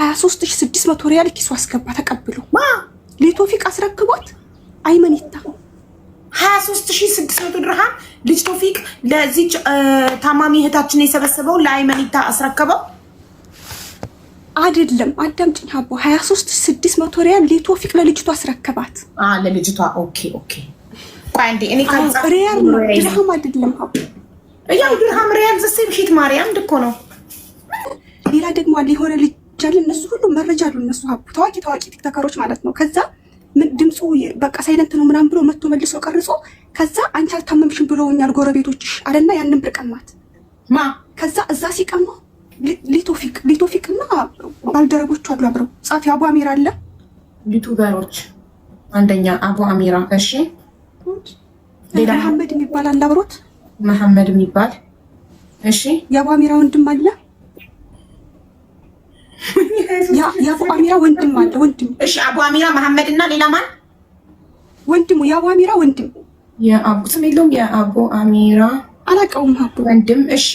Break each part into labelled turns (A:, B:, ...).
A: 23600 ሪያል ኪሱ አስገባ ተቀብሎ ለቶፊቅ አስረክቧት። አይመኒታ
B: 23600 ድርሃም ልጅ ቶፊቅ ለዚች ታማሚ እህታችን የሰበሰበው ለአይመኒታ አስረከበው።
A: አይደለም አዳምጪኝ ሀቦ 23600 ሪያል ለቶፊቅ ለልጅቷ አስረከባት።
B: አዎ ለልጅቷ። ኦኬ ኦኬ። ቆይ አንዴ እኔ ካንሳ
A: ሪያል ነው ድርሃም አይደለም ሀቦ
B: ያው ድርሃም ሪያል ዘሴም ሺት ማርያም ድኮ ነው።
A: ሌላ ደግሞ የሆነ ልጅ ልጆች እነሱ ሁሉ መረጃ አሉ። እነሱ ሀቡ ታዋቂ ታዋቂ ቲክቶከሮች ማለት ነው። ከዛ ድምፁ በቃ ሳይለንት ነው ምናምን ብሎ መቶ መልሶ ቀርጾ ከዛ አንቺ አልታመምሽም ብለውኛል ጎረቤቶችሽ አለና ያንን ብር ቀማት ማ ከዛ እዛ ሲቀማ ሊቶፊቅ ሊቶፊቅ እና ባልደረቦቹ አሉ አብረው ጻፊ አቡ አሚራ አለ
B: ዩቱበሮች አንደኛ አቡ አሚራ እሺ
A: መሐመድ የሚባል አለ አብሮት
B: መሐመድ የሚባል እሺ
A: የአቡ አሚራ ወንድም አለ የአቡ አሚራ ወንድም አለ ወንድም።
B: እሺ አቡ አሚራ መሐመድ እና ሌላ ማን
A: ወንድሙ? የአቡ አሚራ ወንድም
B: የአቡ ስም የለውም። የአቡ አሚራ
A: አላውቀውም። አቡ
B: ወንድም። እሺ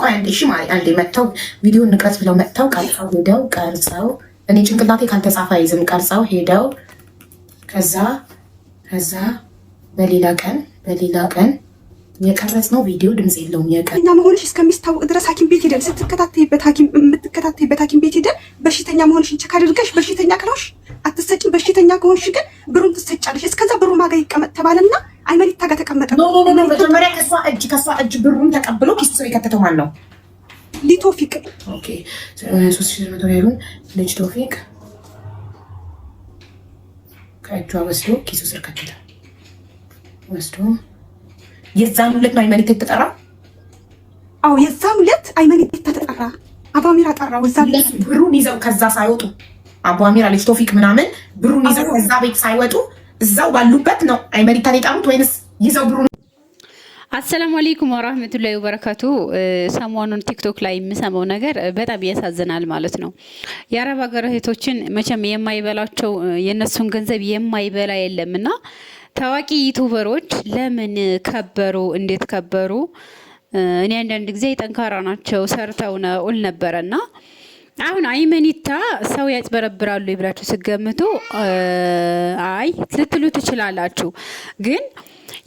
B: ቆይ አንዴ፣ እሺ ማለት አንዴ መጥተው ቪዲዮ ንቀት ብለው መጥተው ቀርጸው ሄደው ቀርጸው፣ እኔ ጭንቅላቴ ካልተጻፈ አይዝም። ቀርጸው ሄደው ከዛ ከዛ በሌላ ቀን በሌላ ቀን የቀረጽነው ቪዲዮ ድምጽ የለውም። የቀረና
A: መሆንሽ እስከሚታወቅ ድረስ ሐኪም ቤት ሄደን ስትከታተይበት ሐኪም የምትከታተይበት ሐኪም ቤት ሄደን በሽተኛ መሆንሽን ቸክ አድርገሽ በሽተኛ ካልሆንሽ አትሰጭም። በሽተኛ ከሆንሽ ግን ብሩን ትሰጫለሽ። እስከዛ ብሩ ማጋ ይቀመጥ ተባለና አይመኒታ ጋር ተቀመጠ።
B: መጀመሪያ ከሷ እጅ ከሷ እጅ ብሩን ተቀብሎ ኪስ ስር የከተተው ማን ነው? ሊቶፊቅ ሶስት ሺህ መቶ ያሉን ልጅ ቶፊቅ ከእጇ ወስዶ ኪሱ ስር ከተተ ወስዶ የዛን ሁለት ነው አይመኒት የተጠራ።
A: አዎ የዛን ሁለት አይመኒት ተጠራ። አባሚራ ጠራው። እዛ
B: ብሩን ይዘው ከዛ ሳይወጡ አባሚራ ልጅ ቶፊክ ምናምን ብሩን ይዘው ከዛ ቤት ሳይወጡ እዛው ባሉበት ነው አይመኒታን የጠሩት ወይንስ ይዘው ብሩን
C: አሰላሙ አለይኩም ወራህመቱላሂ ወበረካቱ። ሰሞኑን ቲክቶክ ላይ የምሰማው ነገር በጣም ያሳዝናል ማለት ነው። የአረብ ሀገር እህቶችን መቼም የማይበላቸው የእነሱን ገንዘብ የማይበላ የለምና ታዋቂ ዩቱበሮች ለምን ከበሩ? እንዴት ከበሩ? እኔ አንዳንድ ጊዜ ጠንካራ ናቸው ሰርተው ነውል ነበረ ነበረና አሁን አይመኒታ ሰው ያጭበረብራሉ ብላችሁ ስገምቱ አይ ልትሉ ትችላላችሁ። ግን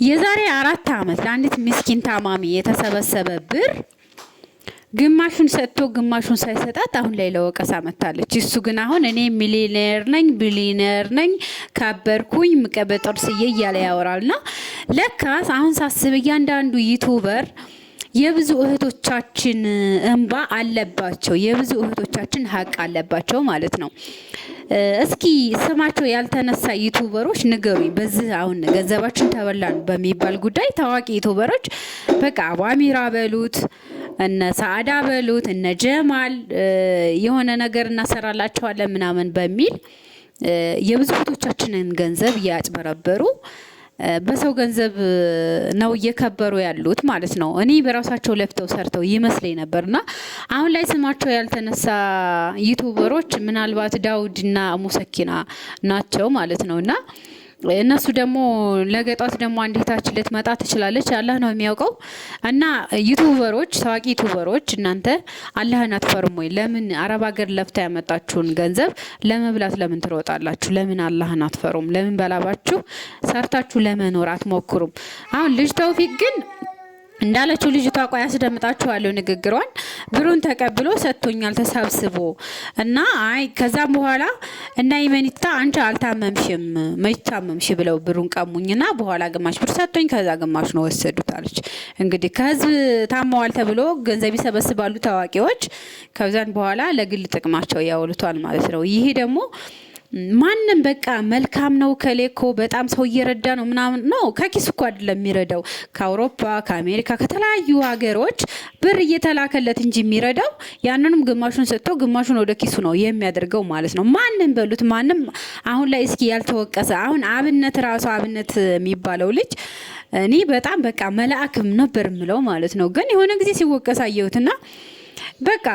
C: የዛሬ አራት ዓመት ለአንዲት ምስኪን ታማሚ የተሰበሰበ ብር ግማሹን ሰጥቶ ግማሹን ሳይሰጣት አሁን ላይ ለወቀሳ መታለች። እሱ ግን አሁን እኔ ሚሊነር ነኝ ቢሊነር ነኝ ካበርኩኝ ምቀበጦር ስዬ እያለ ና ለካስ አሁን ሳስብ እያንዳንዱ ዩቱበር የብዙ እህቶቻችን እንባ አለባቸው። የብዙ እህቶቻችን ሀቅ አለባቸው ማለት ነው። እስኪ ስማቸው ያልተነሳ ዩቱበሮች ንገሩ። በዚህ አሁን ገንዘባችን ተበላን በሚባል ጉዳይ ታዋቂ ዩቱበሮች በቃ አቧሚራ በሉት እነ ሰአዳ በሉት እነ ጀማል የሆነ ነገር እናሰራላቸዋለን ምናምን በሚል የብዙ እህቶቻችንን ገንዘብ እያጭበረበሩ በሰው ገንዘብ ነው እየከበሩ ያሉት ማለት ነው። እኔ በራሳቸው ለፍተው ሰርተው ይመስለኝ ነበርና አሁን ላይ ስማቸው ያልተነሳ ዩቱበሮች ምናልባት ዳውድና ሙሰኪና ናቸው ማለት ነው እና እነሱ ደግሞ ለገጧት ደግሞ አንዲታችን ልትመጣ ትችላለች። አላህ ነው የሚያውቀው። እና ዩቱበሮች፣ ታዋቂ ዩቱበሮች እናንተ አላህን አትፈርሙ ወይ? ለምን አረብ ሀገር ለፍታ ያመጣችሁን ገንዘብ ለመብላት ለምን ትሮጣላችሁ? ለምን አላህን አትፈሩም? ለምን በላባችሁ ሰርታችሁ ለመኖር አትሞክሩም? አሁን ልጅ ተውፊቅ ግን እንዳለችው ልጅቷ ቆይ አስደምጣችኋለሁ ንግግሯን ብሩን ተቀብሎ ሰጥቶኛል ተሰብስቦ እና አይ ከዛም በኋላ እና ይመኒታ አንቺ አልታመምሽም መቻመምሽ ብለው ብሩን ቀሙኝና በኋላ ግማሽ ብር ሰጥቶኝ ከዛ ግማሽ ነው ወሰዱት አለች። እንግዲህ ከህዝብ ታመዋል ተብሎ ገንዘብ ይሰበስባሉ ታዋቂዎች፣ ከዛን በኋላ ለግል ጥቅማቸው ያውሉቷል ማለት ነው። ይሄ ደግሞ ማንም በቃ መልካም ነው ከሌኮ በጣም ሰው እየረዳ ነው ምናምን ነው። ከኪስ እኮ አይደለም የሚረዳው ከአውሮፓ ከአሜሪካ ከተለያዩ ሀገሮች ብር እየተላከለት እንጂ የሚረዳው ያንንም ግማሹን ሰጥተው ግማሹን ወደ ኪሱ ነው የሚያደርገው ማለት ነው። ማንም በሉት ማንም አሁን ላይ እስኪ ያልተወቀሰ አሁን አብነት ራሱ አብነት የሚባለው ልጅ እኔ በጣም በቃ መላአክም ነበር ምለው ማለት ነው። ግን የሆነ ጊዜ ሲወቀስ አየሁትና በቃ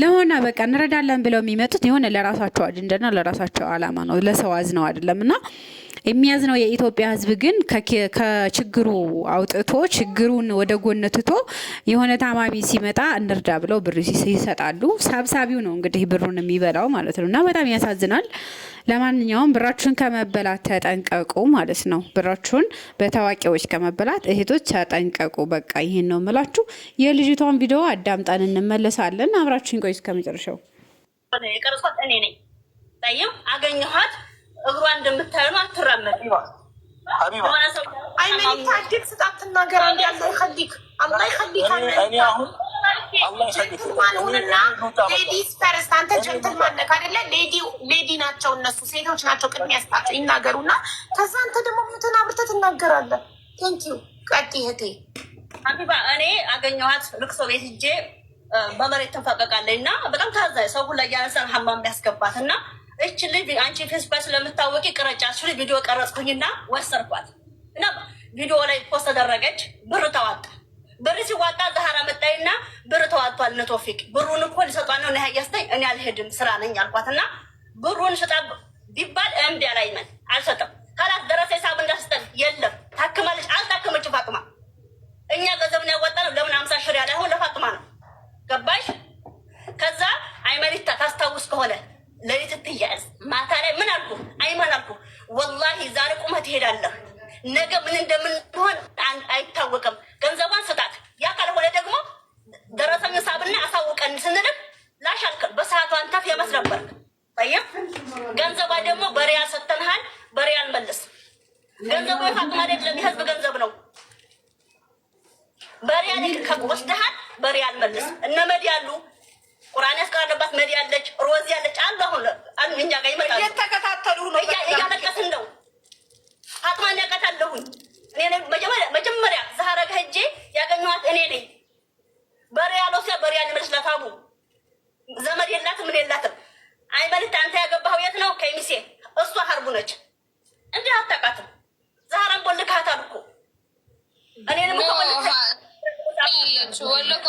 C: ለሆነ በቃ እንረዳለን ብለው የሚመጡት የሆነ ለራሳቸው አጀንዳና ለራሳቸው አላማ ነው። ለሰው አዝነው አይደለም እና የሚያዝነው የኢትዮጵያ ሕዝብ ግን ከችግሩ አውጥቶ ችግሩን ወደ ጎን ትቶ የሆነ ታማሚ ሲመጣ እንርዳ ብለው ብር ይሰጣሉ። ሳብሳቢው ነው እንግዲህ ብሩን የሚበላው ማለት ነው እና በጣም ያሳዝናል። ለማንኛውም ብራችሁን ከመበላት ተጠንቀቁ ማለት ነው። ብራችሁን በታዋቂዎች ከመበላት እህቶች ተጠንቀቁ። በቃ ይህን ነው የምላችሁ። የልጅቷን ቪዲዮ አዳምጠን እንመለሳለን። አብራችሁን ቆይ ከመጨረሻው።
B: የቀረጽኳት እኔ ነኝ። አገኘኋት እግሯ እንደምታዩ ነው። አትራመድም። አይመን ሌዲ ናቸው እነሱ ሴቶች ናቸው። ቅድሚያ ስጣቸው ይናገሩና ከዛ አንተ ደግሞ ሚትን አብርተህ ትናገራለህ። ቴንኪው ቀጥይ እህቴ ሀቢባ። እኔ አገኘኋት ልቅሶ ቤት ሂጄ በመሬት ተንፈቀቃለኝ እና በጣም ታዛኝ ሰው ሁላ እያነሳን ሀማም ያስገባት እና እች ልጅ አንቺ ፌስቡክ ስለምታወቂ ቅረጫ ሱ ቪዲዮ ቀረጽኩኝና ወሰርኳት እና ቪዲዮ ላይ ፖስት ተደረገች። ብር ተዋጣ። ብር ሲዋጣ ዛህራ መጣይና ብር ተዋጥቷል፣ ነቶፊቅ ብሩን እኮ ሊሰጧ ነው ያስተኝ እኔ አልሄድም ስራ ነኝ አልኳት እና ብሩን ስጣ ቢባል እምቢ አላይመን አልሰጠም። ካላት ደረሰ ሂሳብ እንዳስጠል የለም ታክማለች። አልታክመች ፋቅማ እኛ ገንዘብን ያዋጣ ነው ለምን አምሳ ሽር ያለ ነገ ምን እንደምንሆን አይታወቅም። ገንዘቧን ስጣት። ያ ካልሆነ ደግሞ ደረሰኝ ሳብና አሳውቀን ስንልም ላሻልከ በሰዓቱ አንተ ፌመስ ነበር። ይም ገንዘቧ ደግሞ በሪያል ሰተንሃል። በሪያል መልስ። ገንዘቡ የፋጥማ አይደለም፣ የህዝብ ገንዘብ ነው። በሪያል ወስደሃል። በሪያል መልስ። እነ መዲ ያሉ ቁርአን ያስቀራለባት መዲ ያለች፣ ሮዚ ያለች አሉ። አሁን እኛ ጋር ይመጣሉ። እየተከታተሉ ነው። እያለቀስን ነው አልኩኝ። መጀመሪያ ዛሃረጋ ሄጄ ያገኘኋት እኔ ነኝ። በሬ ያለው ሲያ በሬ ያልመልስላት አቡ ዘመድ የላትም ምን የላትም። አይበልት አንተ ያገባኸው የት ነው? ከሚሴ እሷ ሀርቡ ነች። እንዲህ አታውቃትም። ዛሃራን ቦልካት አልኩ እኔንም ወለቁ ስለዚህ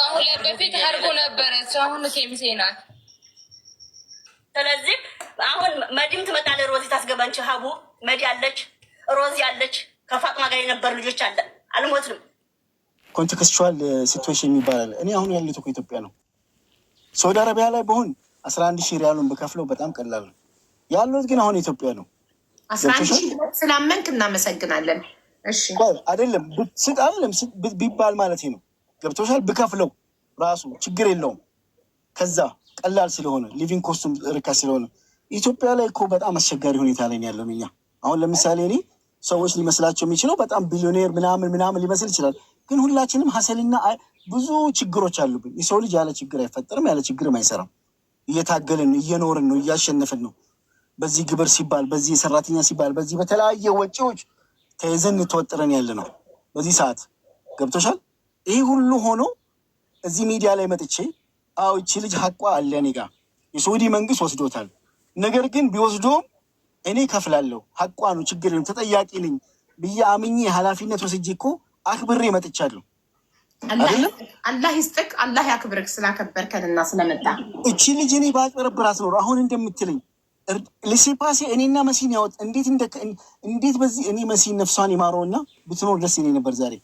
B: አሁን መዲም ትመጣለች። ሮዚ ታስገባንች። ሀቡ መዲ አለች፣ ሮዚ አለች። ከፋጥማ ጋር የነበሩ ልጆች አለ አልሞትንም። ኮንቴክስቹዋል ሲትዌሽን uh, ይባላል። እኔ አሁን ያለሁት እኮ ኢትዮጵያ ነው። ሳውዲ አረቢያ ላይ በሆን አስራ አንድ ሺህ ሪያሉን ብከፍለው በጣም ቀላል ነው። ያለሁት ግን አሁን ኢትዮጵያ ነው። ስላመንክ እናመሰግናለን። አይደለም ስጥ አይደለም ቢባል ማለት ነው። ገብቶሻል። ብከፍለው ራሱ ችግር የለውም። ከዛ ቀላል ስለሆነ ሊቪንግ ኮስቱም ርካሽ ስለሆነ ኢትዮጵያ ላይ እኮ በጣም አስቸጋሪ ሁኔታ ላይ ያለን እኛ አሁን ለምሳሌ እኔ ሰዎች ሊመስላቸው የሚችለው በጣም ቢሊዮኔር ምናምን ምናምን ሊመስል ይችላል። ግን ሁላችንም ሀሰልና ብዙ ችግሮች አሉብን። የሰው ልጅ ያለ ችግር አይፈጠርም፣ ያለ ችግርም አይሰራም። እየታገልን ነው፣ እየኖርን ነው፣ እያሸነፍን ነው። በዚህ ግብር ሲባል፣ በዚህ የሰራተኛ ሲባል፣ በዚህ በተለያየ ወጪዎች ተይዘን እንተወጥረን ያለ ነው። በዚህ ሰዓት ገብቶሻል። ይህ ሁሉ ሆኖ እዚህ ሚዲያ ላይ መጥቼ አዎ ይቺ ልጅ ሀቋ አለ እኔ ጋ የሳውዲ መንግስት ወስዶታል። ነገር ግን ቢወስዶም እኔ ከፍላለሁ፣ ሀቋ ነው፣ ችግር ነው፣ ተጠያቂ ነኝ ብዬ አምኜ ኃላፊነት ወስጄ እኮ አክብሬ መጥቻለሁ። አላህ ይስጥክ፣ አላህ ያክብርክ ስላከበርከንና ስለመጣ። እቺ ልጅ እኔ ባቀረብራት ኖሮ አሁን እንደምትለኝ ልሴፓሴ እኔና መሲን ያወጥ እንዴት እንዴት በዚህ እኔ መሲን ነፍሷን ይማረውና ብትኖር ደስ ይለኝ ነበር። ዛሬ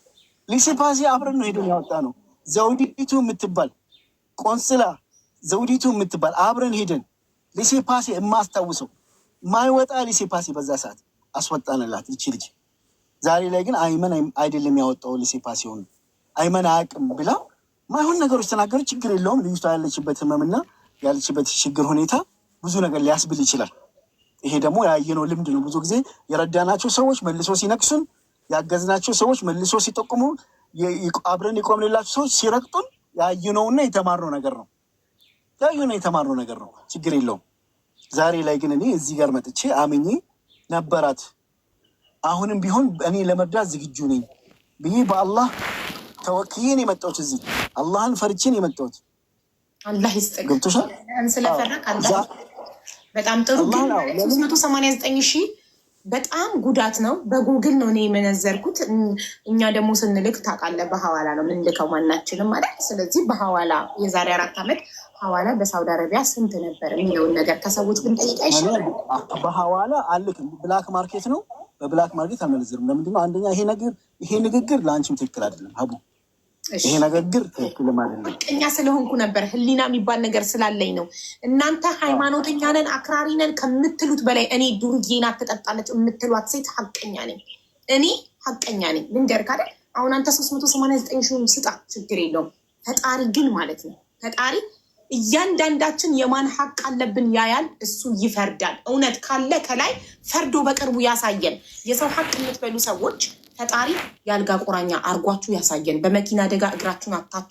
B: ልሴፓሴ አብረን ነው ሄደን ያወጣ ነው። ዘውዲቱ የምትባል ቆንስላ ዘውዲቱ የምትባል አብረን ሄደን ልሴፓሴ የማስታውሰው ማይወጣ ሊሴ ፓሴ በዛ ሰዓት አስወጣንላት ይቺ ልጅ። ዛሬ ላይ ግን አይመን አይደለም ያወጣው ሊሴ ፓሴ ሆኑ አይመን አያውቅም ብላ ማይሆን ነገሮች ተናገሩ። ችግር የለውም ልጅቷ ያለችበት ህመምና ያለችበት ችግር ሁኔታ ብዙ ነገር ሊያስብል ይችላል። ይሄ ደግሞ ያየነው ልምድ ነው። ብዙ ጊዜ የረዳናቸው ሰዎች መልሶ ሲነቅሱን፣ ያገዝናቸው ሰዎች መልሶ ሲጠቁሙ፣ አብረን የቆምንላቸው ሰዎች ሲረግጡን ያየነውና የተማርነው ነገር ነው። ያየነው የተማርነው ነገር ነው። ችግር የለውም። ዛሬ ላይ ግን እኔ እዚህ ጋር መጥቼ አምኜ ነበራት። አሁንም ቢሆን እኔ ለመርዳት ዝግጁ ነኝ ብዬ በአላህ ተወክዬን የመጣሁት እዚህ አላህን ፈርቼን የመጣሁት አላህ ገብቶሻል ስለፈረቅ በጣም ጥሩ ግን ሺህ በጣም ጉዳት ነው። በጉግል ነው እኔ የመነዘርኩት። እኛ ደግሞ ስንልክ ታውቃለህ፣ በሐዋላ ነው ምንልከው ማናችንም ማለት። ስለዚህ በሐዋላ የዛሬ አራት ዓመት ሐዋላ በሳውዲ አረቢያ ስንት ነበር የሚለውን ነገር ከሰዎች ግን ብንጠይቅ አይሻልም? በሐዋላ አልክ ብላክ ማርኬት ነው። በብላክ ማርኬት አልመነዝርም። ለምንድነው? አንደኛ ይሄ ነገር ይሄ ንግግር ለአንቺም ትክክል አይደለም አቡ ይሄ ንግግር ምቀኛ ስለሆንኩ ነበር ህሊና የሚባል ነገር ስላለኝ ነው። እናንተ ሃይማኖተኛ ነን አክራሪ ነን ከምትሉት በላይ እኔ ዱርጌና ትጠጣለች የምትሏት ሴት ሀቀኛ ነኝ እኔ ሀቀኛ ነኝ። ልንገር አይደል አሁን አንተ ሶስት መቶ ሰማንያ ዘጠኝ ሺህ ስጣ ችግር የለውም። ፈጣሪ ግን ማለት ነው ፈጣሪ እያንዳንዳችን የማን ሀቅ አለብን ያያል፣ እሱ ይፈርዳል። እውነት ካለ ከላይ ፈርዶ በቅርቡ ያሳየን። የሰው ሀቅ የምትበሉ ሰዎች ፈጣሪ የአልጋ ቁራኛ አርጓችሁ ያሳየን። በመኪና አደጋ እግራችሁን አታችሁ